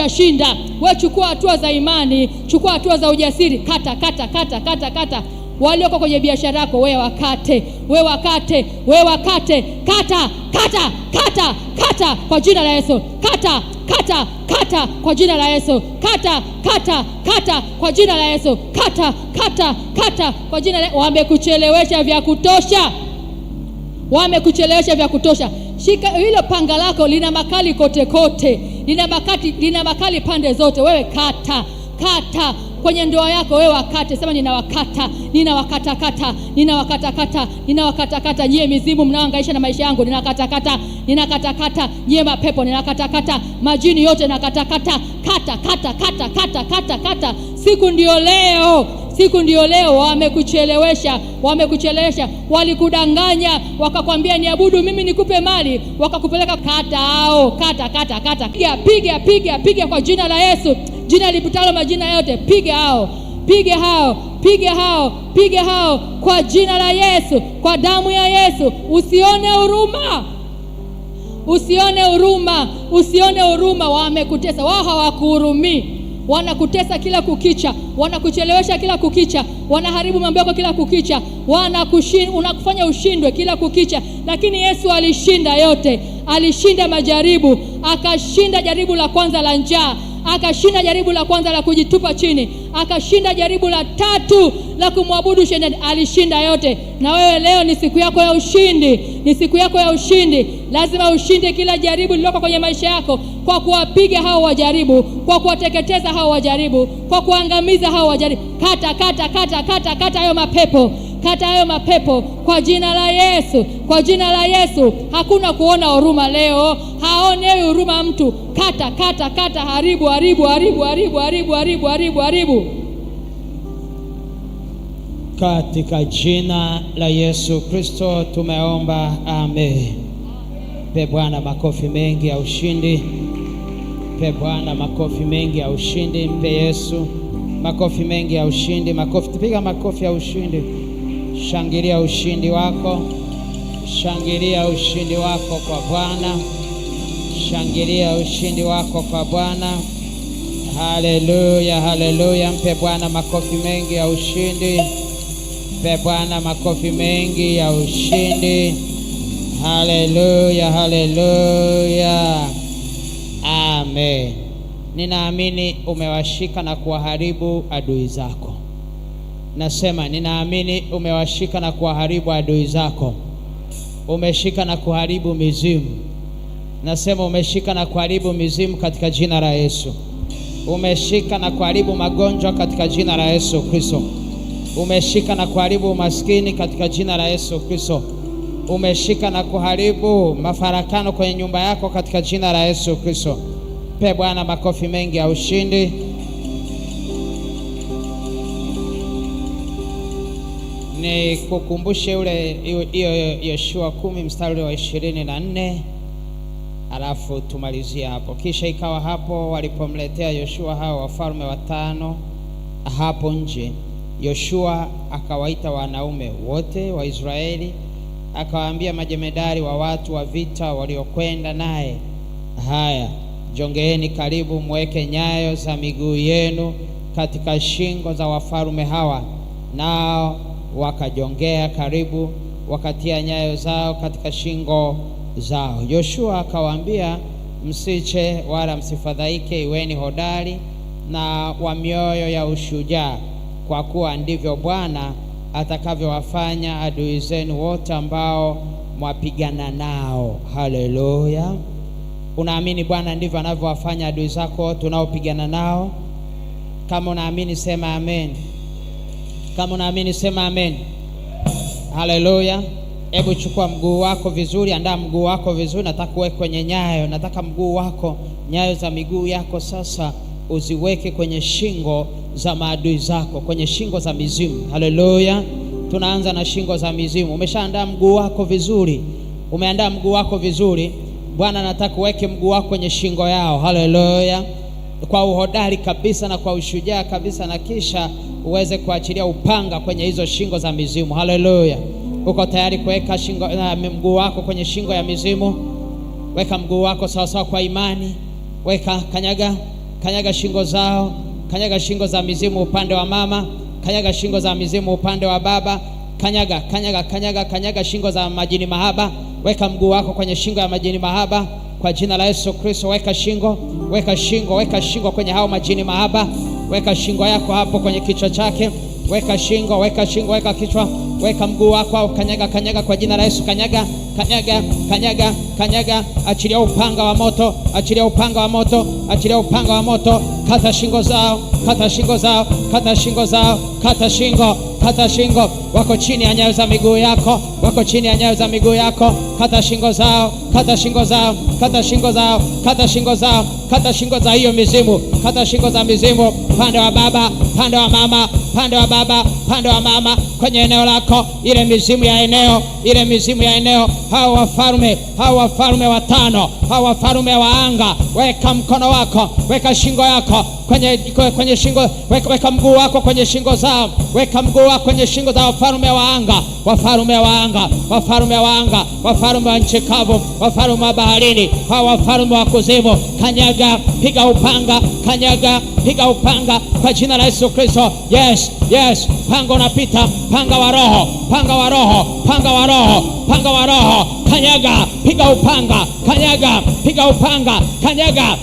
ameshashinda. We chukua hatua za imani, chukua hatua za ujasiri, kata kata kata kata kata walioko kwenye biashara yako, wewe wakate, wewe wakate, wewe wakate, kata kata kata kata kwa jina la Yesu, kata kata kata kwa jina la Yesu, kata kata kata kwa jina la Yesu, kata kata kata kwa jina la... wamekuchelewesha vya kutosha, wamekuchelewesha vya kutosha. Shika hilo panga lako, lina makali kote kote, lina makati, lina makali pande zote. Wewe kata kata kwenye ndoa yako, wewe wakate, sema ninawakata, ninawakatakata, nina wakatakata nyie mizimu mnaohangaisha na maisha yangu, ninakatakata, ninakatakata nyie mapepo, ninakatakata majini yote, nakatakata kata kata kata kata kata kata. Siku ndio leo siku ndiyo leo wamekuchelewesha, wamekuchelewesha, walikudanganya, wakakwambia niabudu mimi nikupe mali, wakakupeleka katao kata kata kata. Piga piga piga piga kwa jina la Yesu, jina lipitalo majina yote. Piga hao piga hao piga hao piga hao kwa jina la Yesu, kwa damu ya Yesu. Usione huruma usione huruma usione huruma, wamekutesa wao, hawakuhurumii wanakutesa kila kukicha, wanakuchelewesha kila kukicha, wanaharibu mambo yako kila kukicha, wanakushin, unakufanya ushindwe kila kukicha. Lakini Yesu alishinda yote, alishinda majaribu, akashinda jaribu la kwanza la njaa, akashinda jaribu la kwanza la kujitupa chini, akashinda jaribu la tatu la kumwabudu Shetani. Alishinda yote, na wewe leo ni siku yako ya ushindi, ni siku yako ya ushindi. Lazima ushinde kila jaribu lililoko kwenye maisha yako, kwa kuwapiga hao wajaribu, kwa kuwateketeza hao wajaribu, kwa kuangamiza hao wajaribu. Kata, kata, kata, kata, kata hayo mapepo kata hayo mapepo kwa jina la Yesu, kwa jina la Yesu. Hakuna kuona huruma leo, haonewi huruma mtu. Kata, kata, kata, haribu, haribu, haribu, haribu, haribu, haribu, haribu, haribu katika jina la Yesu Kristo tumeomba, amen. Mpe Bwana makofi mengi ya ushindi. Mpe Bwana makofi mengi ya ushindi. Mpe Yesu makofi mengi ya ushindi. Makofi, tupiga makofi ya ushindi. Shangilia ushindi wako, shangilia ushindi wako kwa Bwana, shangilia ushindi wako kwa Bwana. Haleluya, haleluya. Mpe Bwana makofi mengi ya ushindi. Mpe Bwana makofi mengi ya ushindi. Haleluya, haleluya, amen. Ninaamini umewashika na kuwaharibu adui zako. Nasema ninaamini umewashika na kuwaharibu adui zako. Umeshika na kuharibu mizimu. Nasema umeshika na kuharibu mizimu katika jina la Yesu. Umeshika na kuharibu magonjwa katika jina la Yesu Kristo. Umeshika na kuharibu umaskini katika jina la Yesu Kristo umeshika na kuharibu mafarakano kwenye nyumba yako katika jina la Yesu Kristo. Mpe Bwana makofi mengi ya ushindi. Ni kukumbushe ule hiyo Yoshua kumi mstari wa ishirini na nne alafu tumalizie hapo. Kisha ikawa hapo walipomletea Yoshua hao wafalme watano hapo nje, Yoshua akawaita wanaume wote wa Israeli akawaambia majemedari wa watu wa vita waliokwenda naye, haya jongeeni karibu, mweke nyayo za miguu yenu katika shingo za wafarume hawa. Nao wakajongea karibu, wakatia nyayo zao katika shingo zao. Yoshua akawaambia, msiche wala msifadhaike, iweni hodari na wa mioyo ya ushujaa, kwa kuwa ndivyo Bwana atakavyowafanya adui zenu wote ambao mwapigana nao. Haleluya! Unaamini Bwana ndivyo anavyowafanya adui zako tunaopigana nao? Kama unaamini sema amen. Kama unaamini sema amen. Haleluya! Hebu chukua mguu wako vizuri, andaa mguu wako vizuri. Nataka uwe kwenye nyayo, nataka mguu wako, nyayo za miguu yako sasa uziweke kwenye shingo za maadui zako, kwenye shingo za mizimu. Haleluya! Tunaanza na shingo za mizimu. Umeshaandaa mguu wako vizuri, umeandaa mguu wako vizuri. Bwana anataka uweke mguu wako kwenye shingo yao. Haleluya! kwa uhodari kabisa na kwa ushujaa kabisa, na kisha uweze kuachilia upanga kwenye hizo shingo za mizimu. Haleluya! uko tayari kuweka shingo na eh, mguu wako kwenye shingo ya mizimu? Weka mguu wako sawasawa kwa imani, weka kanyaga kanyaga shingo zao, kanyaga shingo za mizimu upande wa mama, kanyaga shingo za mizimu upande wa baba, kanyaga kanyaga kanyaga kanyaga shingo za majini mahaba. Weka mguu wako kwenye shingo ya majini mahaba kwa jina la Yesu Kristo. Weka shingo, weka shingo, weka shingo kwenye hao majini mahaba. Weka shingo yako hapo kwenye kichwa chake. Weka shingo, weka shingo, weka kichwa, weka mguu wako, kanyaga, kanyaga kwa jina la Yesu, kanyaga, kanyaga, kanyaga, kanyaga. Achilia upanga wa moto, achilia upanga wa moto, achilia upanga wa moto. Kata shingo zao, kata shingo zao, kata shingo zao, kata shingo, kata shingo. Wako chini ya nyayo za miguu yako, wako chini ya nyayo za miguu yako. Kata shingo zao, kata shingo zao, kata shingo zao, kata shingo zao, kata shingo za hiyo mizimu, kata shingo za mizimu, pande wa baba, pande wa mama upande wa baba, upande wa mama, kwenye eneo lako, ile mizimu ya eneo, ile mizimu ya eneo, hao wafalme, hao wafalme watano, hao wafalme wa anga, weka mkono wako, weka shingo yako kwenye, kwenye shingo, weka, weka mguu wako kwenye shingo zao, weka mguu wako kwenye shingo za wafalme wa anga wafalume wa anga, wafalume wa anga, wafalume wa nchi kavu, wafalume wa baharini, hao wafalume wa kuzimu, kanyaga, piga upanga, kanyaga, piga upanga kwa jina la Yesu Kristo. Yes, yes, panga unapita, panga wa roho, panga wa roho, panga wa roho, panga wa roho, kanyaga, piga upanga, kanyaga, piga upanga, kanyaga,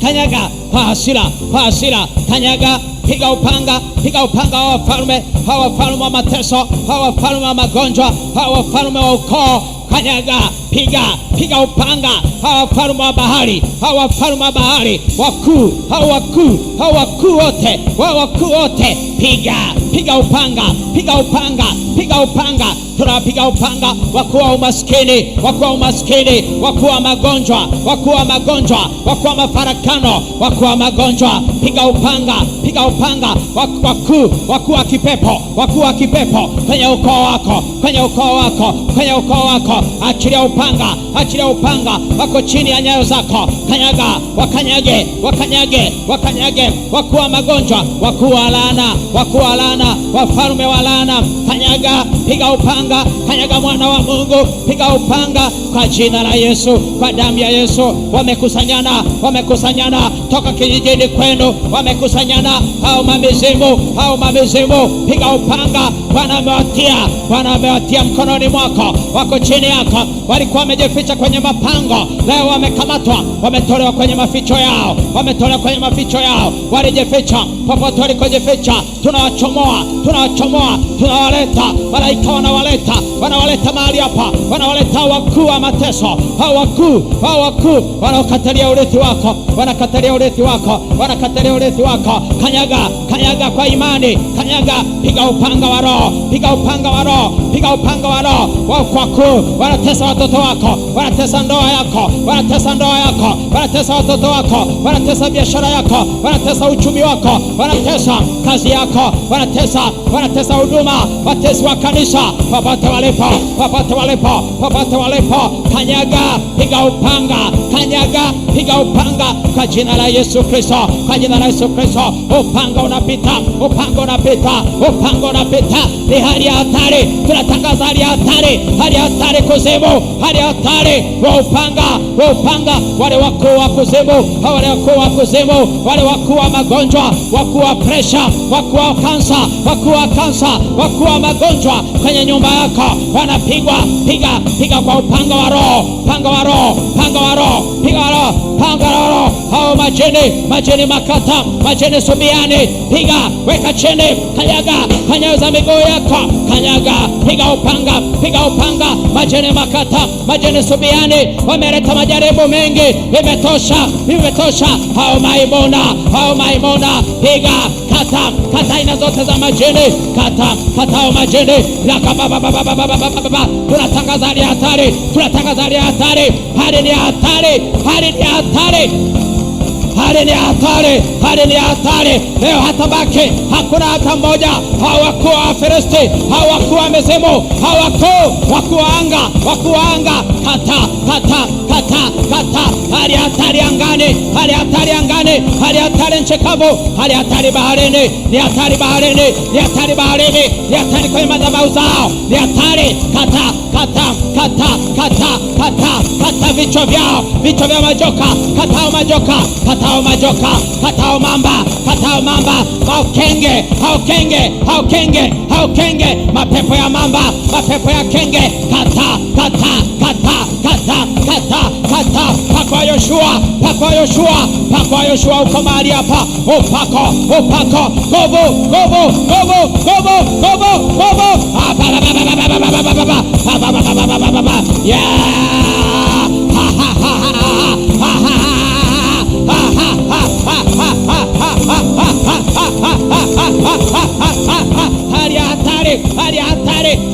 kanyaga kwa hasira, kwa hasira, kanyaga piga upanga, piga upanga wa wafalme, hawa wafalme wa mateso, hawa wafalme wa magonjwa, hawa wafalme wa ukoo Kanyaga, piga piga upanga hawa wafalme wa bahari, hawa wafalme wa bahari wakuu, hawa wakuu, hawa wakuu wote, hawa wakuu wote, piga piga upanga, piga upanga, piga upanga, tunapiga upanga, wakuu wa umaskini, wakuu wa umaskini, wakuu wa magonjwa, wakuu wa magonjwa, wakuu wa mafarakano, wakuu wa magonjwa, piga upanga kupiga upanga wakuu wakuu wa kipepo wakuu wa kipepo kwenye ukoo wako kwenye ukoo wako kwenye ukoo wako, achilia upanga achilia upanga, wako chini ya nyayo zako, kanyaga wakanyage wakanyage wakanyage, wakuu wa magonjwa wakuu wa laana wakuu wa laana wafalume wa laana kanyaga piga upanga, kanyaga mwana wa Mungu, piga upanga kwa jina la Yesu, kwa damu ya Yesu. Wamekusanyana, wamekusanyana toka kijijini kwenu, wamekusanyana au mamizimu, au mamizimu, piga upanga. Bwana amewatia, Bwana amewatia mkononi mwako, wako chini yako. Walikuwa wamejificha kwenye mapango, leo wamekamatwa, wametolewa kwenye maficho yao, wametolewa kwenye maficho yao. Walijificha popote walikojificha, tunawachomoa, tunawachomoa, tunawaleta malaika wanawaleta, wanawaleta mahali hapa, wanawaleta wakuu wa mateso, hao wakuu, hao wakuu wanaokatalia urithi wako, wanakatalia urithi wako, wanakatalia urithi wako. Kanyaga, kanyaga kwa imani, kanyaga, piga upanga wa Roho, piga upanga wa Roho, piga upanga wa Roho. Wako wakuu wanatesa watoto wako, wanatesa ndoa yako, wanatesa ndoa yako, wanatesa watoto wako, wanatesa biashara yako, wanatesa uchumi wako, wanatesa kazi yako, wanatesa, wanatesa huduma, watesi wa kanisa kabisa, popote walipo, popote walipo, popote walipo, kanyaga, piga upanga Bwana, piga upanga kwa jina la Yesu Kristo, kwa jina la Yesu Kristo. Upanga unapita, upanga unapita, upanga unapita. Ni hali ya hatari, tunatangaza hali ya hatari, hali ya hatari kuzimu, hali ya hatari wa upanga, wa upanga, wale wakuu wa kuzimu, wale wakuu wa kuzimu, wale wakuu wa magonjwa, wakuu wa presha, wakuu wa kansa, wakuu wa kansa, wakuu wa magonjwa kwenye nyumba yako wanapigwa. Piga, piga kwa upanga wa Roho, upanga wa Roho, upanga wa Roho, piga wa Roho. Angarara, angarara, hao majini, majini makata, majini subiani, piga, weka chini, kanyaga, kanyaza miguu yako, kanyaga, piga upanga, piga upanga, majini makata, majini subiani, wameleta majaribu mengi, imetosha, imetosha, hao maimona hao maimona piga, kata, kata aina zote za majini, kata, kata hao majini, laka baba baba baba baba baba, tunatangaza ni hatari, tunatangaza ni hatari, hali ni hatari, hali hatari ni hatari, hali ni hatari, hali ni hatari. Leo hatabaki hakuna hata mmoja. Hawakuwa Wafilisti, hawakuwa mizimu, hawakuwa wakuu wa anga, wakuu wa anga, kata kata hali hatari angani, hali hatari angani, hali hatari nchi kavu, hali hatari baharini, ni hatari baharini, ni hatari baharini, ni hatari kwenye madhabahu zao, ni hatari. Kata, kata, kata, kata, kata, kata vichwa vyao, vichwa vya majoka, katao majoka, katao majoka, katao mamba, katao mamba, haukenge, haukenge, haukenge, haukenge, mapepo ya mamba, mapepo ya kenge, kata, kata, kata kata kata kata, pakwa Yoshua, pakwa Yoshua, pakwa Yoshua, uko mahali hapa, upako upako, nguvu nguvu nguvu nguvu nguvu nguvu, ya hali hatari, hali hatari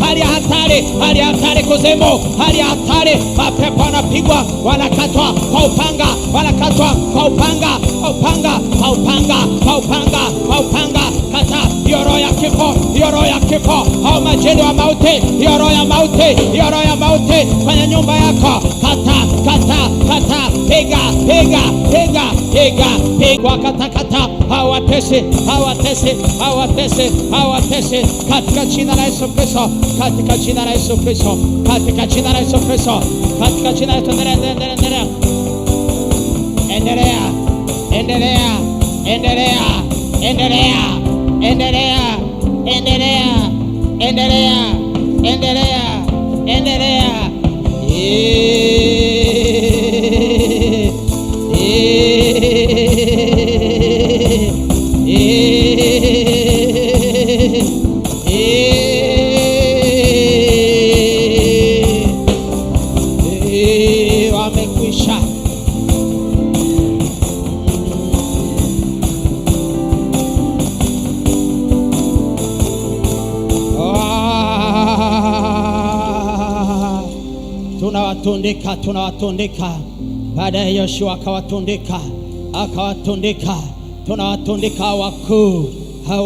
hali hatari, kuzimu, hali hatari. Mapepo wanapigwa, wanakatwa kwa upanga, wanakatwa kwa upanga, kwa upanga, kwa upanga, kwa upanga, kwa upanga. Kata hiyo roho ya kifo, hiyo roho ya kifo, au majini wa mauti, hiyo roho ya mauti, hiyo roho ya mauti kwenye nyumba yako, kata, kata kata pega pega pega pega pega kata kata hawatese hawatese hawatese hawatese katika jina la Yesu Kristo katika jina la Yesu Kristo katika jina la Yesu Kristo katika jina la Yesu endelea endelea endelea endelea endelea endelea endelea endelea endelea endelea endelea endelea ee. Ah, tunawatundika tunawatundika ya Yoshua akawatundika, akawatundika. Tunawatundika wakuu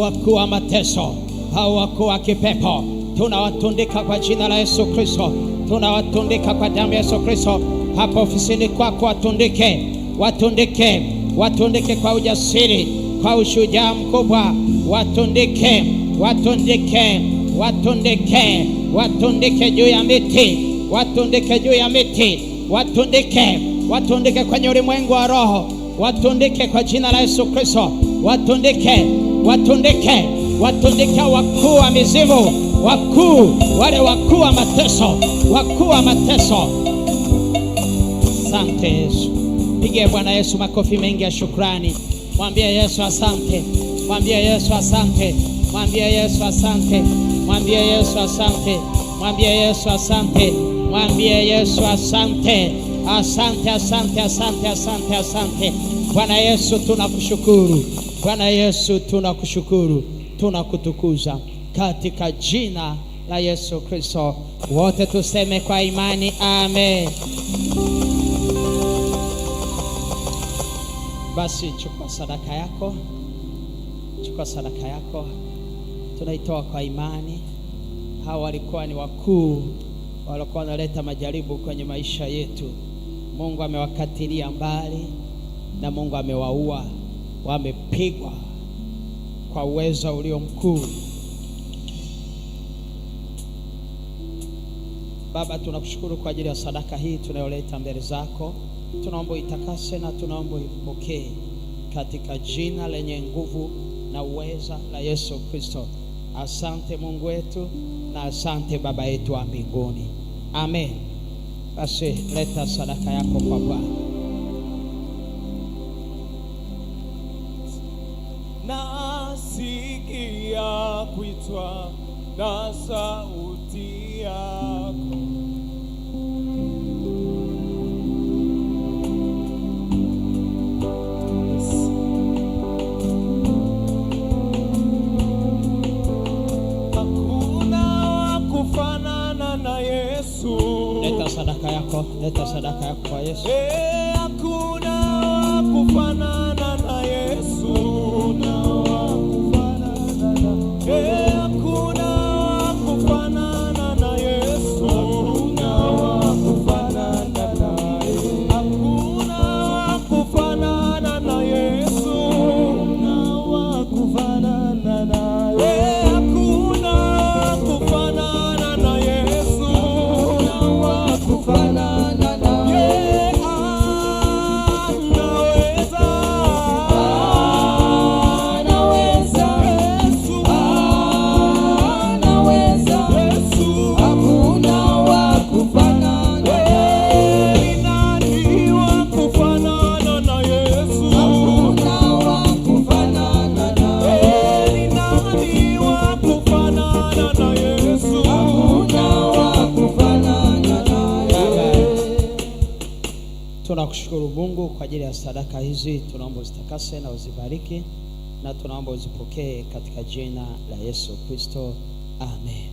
wakuu wa mateso, hao wakuu wa kipepo, tunawatundika kwa jina la Yesu Kristo, tunawatundika kwa damu ya Yesu Kristo. Hapo ofisini kwako watundike, watundike, watundike kwa ujasiri, kwa ushujaa mkubwa, watundike, watundike, watundike, watundike juu ya miti, watundike juu ya miti, watundike watundike kwenye ulimwengu wa roho, watundike kwa jina la Yesu Kristo, watundike, watundike, watundike wakuu wa mizimu, wakuu wale, wakuu wa mateso, wakuu wa mateso. Asante Yesu, pigie Bwana Yesu makofi mengi ya shukrani. Mwambie Yesu asante, mwambie Yesu asante, mwambie Yesu asante, mwambie Yesu asante, mwambie Yesu asante, mwambie Yesu asante. Asante, asante, asante, asante, asante. Bwana Yesu tunakushukuru, Bwana Yesu tunakushukuru, tunakutukuza katika jina la Yesu Kristo. Wote tuseme kwa imani, amen. Basi chukua sadaka yako, chukua sadaka yako, tunaitoa kwa imani. Hawa walikuwa ni wakuu walikuwa wanaleta majaribu kwenye maisha yetu. Mungu amewakatilia mbali na Mungu amewaua, wamepigwa kwa uwezo ulio mkuu. Baba, tunakushukuru kwa ajili ya sadaka hii tunayoleta mbele zako, tunaomba itakase na tunaomba ipokee katika jina lenye nguvu na uweza la Yesu Kristo. Asante Mungu wetu na asante Baba yetu wa mbinguni, amen. Basi leta sadaka yako kwa Bwana. Nasikia kuitwa na sauti ya yako, leta sadaka yako kwa Yesu. Eh, hakuna hey, sadaka hizi tunaomba uzitakase na uzibariki na tunaomba uzipokee katika jina la Yesu Kristo, amen.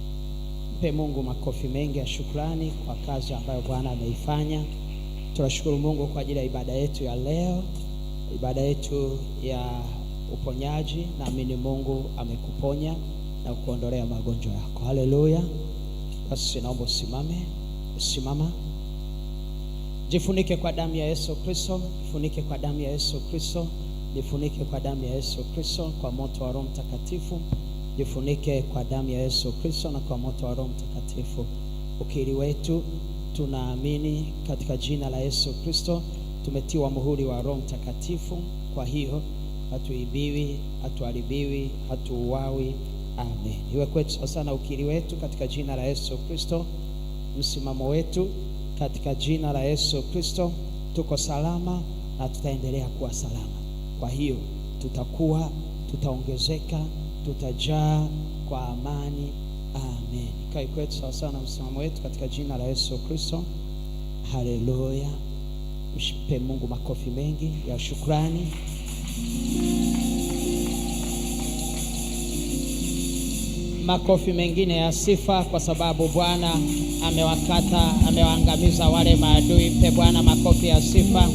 Mpe Mungu makofi mengi ya shukrani kwa kazi ambayo Bwana ameifanya. Tunashukuru Mungu kwa ajili ya ibada yetu ya leo, ibada yetu ya uponyaji. Naamini Mungu amekuponya na kuondolea magonjwa yako. Haleluya! Basi naomba usimame, usimama Jifunike kwa damu ya Yesu Kristo, jifunike kwa damu ya Yesu Kristo, jifunike kwa damu ya Yesu Kristo, kwa moto wa Roho Mtakatifu. Jifunike kwa damu ya Yesu Kristo na kwa moto wa Roho Mtakatifu. Ukiri wetu tunaamini katika jina la Yesu Kristo, tumetiwa muhuri wa Roho Mtakatifu. Kwa hiyo hatuibiwi, hatuharibiwi, hatuuawi. Amen. Iwe kwetu sana ukiri wetu katika jina la Yesu Kristo, msimamo wetu katika jina la Yesu Kristo tuko salama na tutaendelea kuwa salama. Kwa hiyo tutakuwa, tutaongezeka, tutajaa kwa amani. Amen. kae kwetu sawasawa na msimamo wetu katika jina la Yesu Kristo. Haleluya! Mshipe Mungu makofi mengi ya shukrani. makofi mengine ya sifa, kwa sababu Bwana amewakata, amewaangamiza wale maadui. Mpe Bwana makofi ya sifa,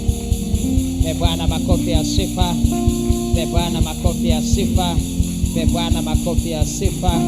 mpe Bwana makofi ya sifa, mpe Bwana makofi ya sifa, mpe Bwana makofi ya sifa,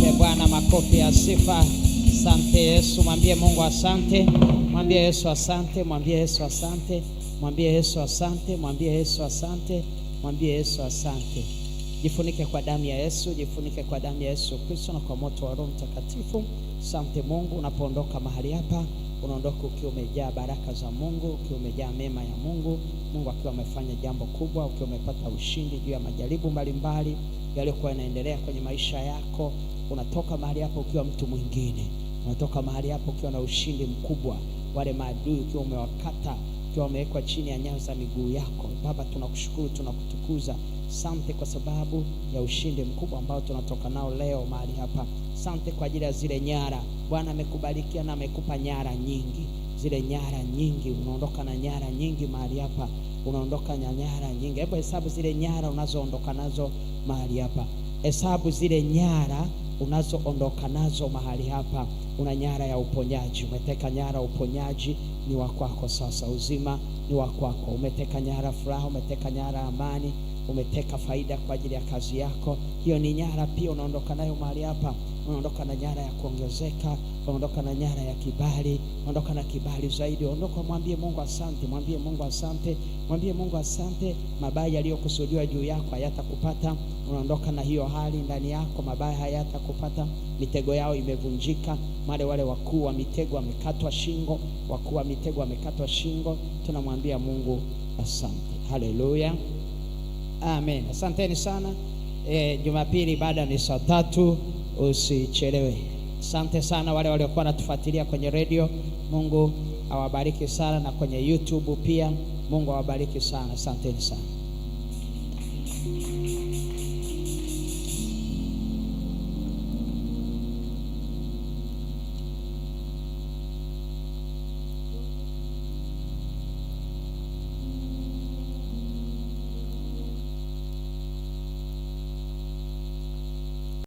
mpe Bwana makofi ya sifa. Asante Yesu, mwambie Mungu asante, mwambie Yesu asante, mwambie Yesu asante, mwambie Yesu asante, mwambie Yesu asante, mwambie Yesu asante. Jifunike kwa damu ya Yesu, jifunike kwa damu ya Yesu Kristo na kwa moto wa Roho Mtakatifu. Sante Mungu, unapoondoka mahali hapa unaondoka ukiwa umejaa baraka za Mungu, ukiwa umejaa mema ya Mungu, Mungu akiwa amefanya jambo kubwa, ukiwa umepata ushindi juu ya majaribu mbalimbali yaliyokuwa yanaendelea kwenye maisha yako. Unatoka mahali hapo ukiwa mtu mwingine, unatoka mahali hapo ukiwa na ushindi mkubwa. Wale maadui ukiwa umewakata, ukiwa umewekwa chini ya nyayo za miguu yako. Baba, tunakushukuru, tunakutukuza. Sante kwa sababu ya ushindi mkubwa ambao tunatoka nao leo mahali hapa. Sante kwa ajili ya zile nyara. Bwana amekubarikia na amekupa nyara nyingi, zile nyara nyingi. Unaondoka na nyara nyingi mahali hapa, unaondoka na nyara nyingi. Hebu hesabu zile nyara unazoondoka nazo mahali hapa, hesabu zile nyara unazoondoka nazo mahali hapa. Una nyara ya uponyaji, umeteka nyara uponyaji ni wa kwako sasa, uzima ni wa kwako. Umeteka nyara furaha, umeteka nyara amani umeteka faida kwa ajili ya kazi yako. Hiyo ni nyara pia, unaondoka nayo mahali hapa. Unaondoka na nyara ya kuongezeka, unaondoka na nyara ya kibali, unaondoka na kibali zaidi. Ondoka, mwambie Mungu asante, mwambie Mungu asante, mwambie Mungu asante. Mabaya yaliyokusudiwa juu yako hayatakupata. Unaondoka na hiyo hali ndani yako, mabaya hayatakupata. Mitego yao imevunjika. wale wale wakuu wa mitego wamekatwa shingo, wakuu wa mitego wamekatwa shingo. Tunamwambia Mungu asante. Haleluya. Amen. Asanteni sana. E, Jumapili baada ni saa tatu, usichelewe. Asante sana wale waliokuwa natufuatilia kwenye redio. Mungu awabariki sana, na kwenye YouTube pia Mungu awabariki sana. Asanteni sana.